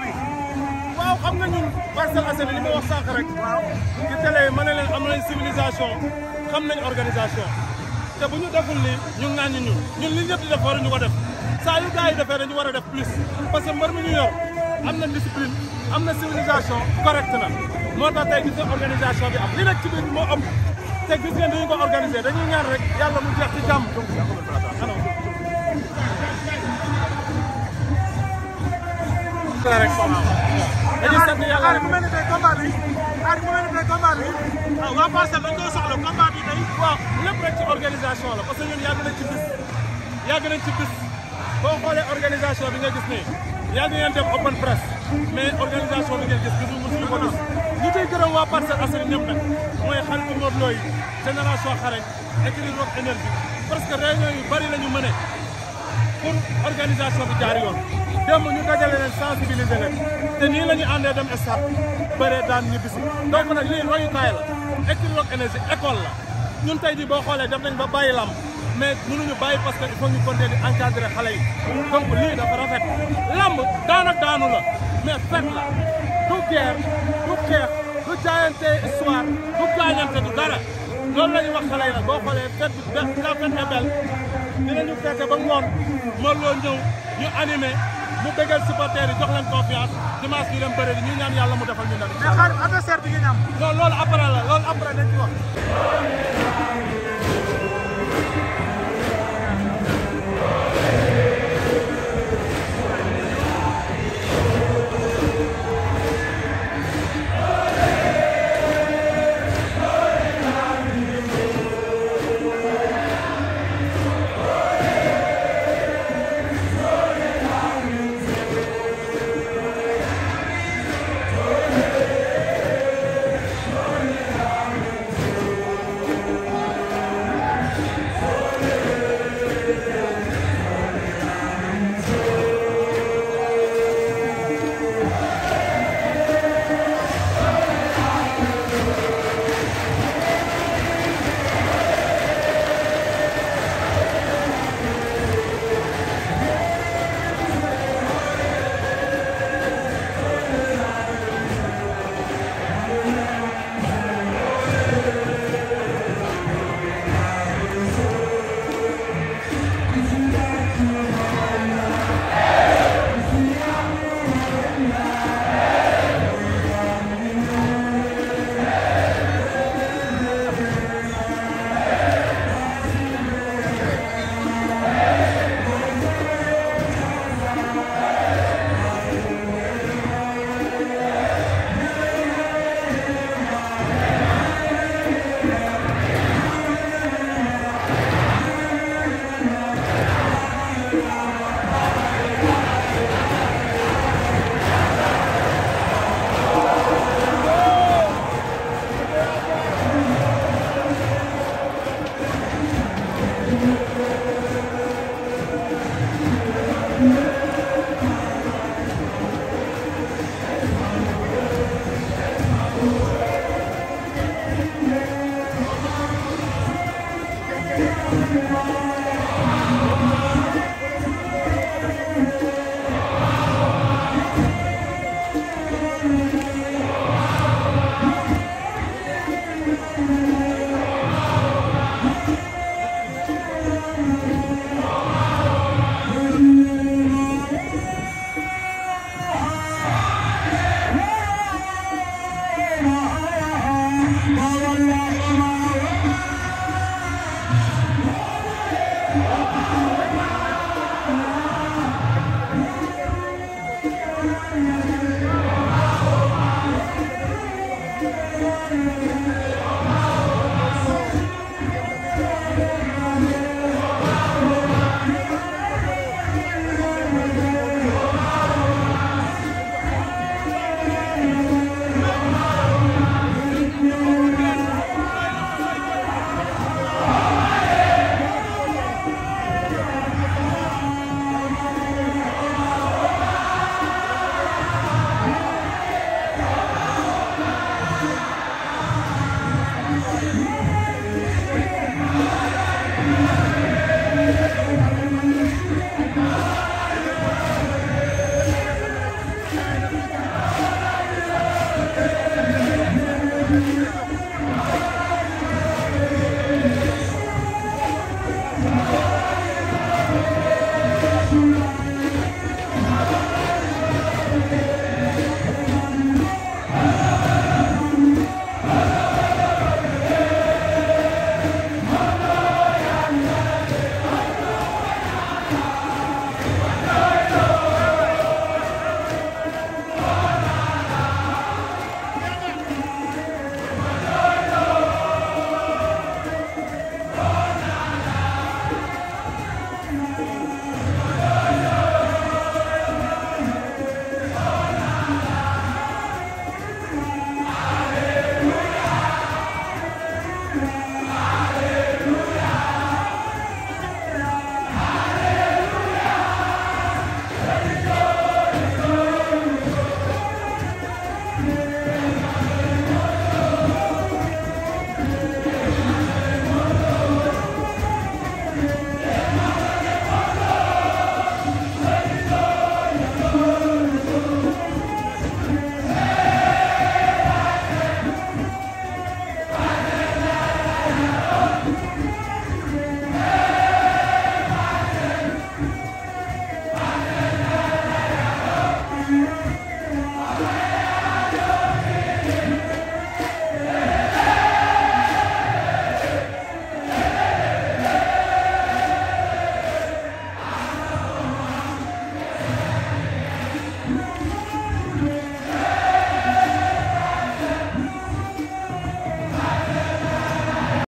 bi. waaw xam nga ñun Parcelles Assainies li ma wax sànq rek. ci télé ma ne leen am na civilisation xam nañ organisation. te bu ñu deful lii ñu naan ñu ñun ñu li ñëpp di def waruñu ko def saa yu gars yi defee dañu war a def plus parce que mbër mi ñu yor am na discipline am na civilisation correct na moo tax tey gis nga organisation bi am li nag ci biir moo ëpp te gis ngeen dañu ko organiser dañuy ñaan rek yàlla mu jeex ci jàmm. la rek. dañuy sant yàlla rek mu mel ni tey combat bi xaar mu mel ni tey combat bi ah, waa parcelle dañ koy soxla combat bi tey waaw lépp rek ci organisation la parce que ñun yàgg nañ ci bis yàgg nañ ci bis boo xoolee organisation bi nga gis ne yàgg ngeen def open press mais organisation bi ngeen gis gis nga mosuñu ko gis ñu koy gërëm waa Parcelles Assainies ñëpp nag mooy xaritu Modou Lo yi génération xare écurie Rock Énergie parce que réunion yu bari la ñu mëne pour organisation bi jaar yoon. démb ñu dajale leen sensibiliser leen te nii la ñu àndee dem stade bëree daan ñu bisi donc nag lii royukaay la Equivox énergie école la ñun tey jii boo xoolee def nañ ba bàyyi lam mais mënuñu bàyyi parce que il faut ñu continuer di encadré xale yi donc lii dafa rafet lamb daan ak daanu la mais fête la du guerre du xeex du jaayante histoire du gaañante du dara loolu la ñu wax xale yi nag boo xoolee fête bi la fête est belle dinañu ba ngoon mën loo ñëw ñu animé mu bëggal supporters yi jox leen confiance dimanche bi dem bëre di ñu ñaan yàlla mu defal ñu dara. mais xaar adversaire bi ngeen am. non loolu après la loolu après dañ ci wax. Thank you.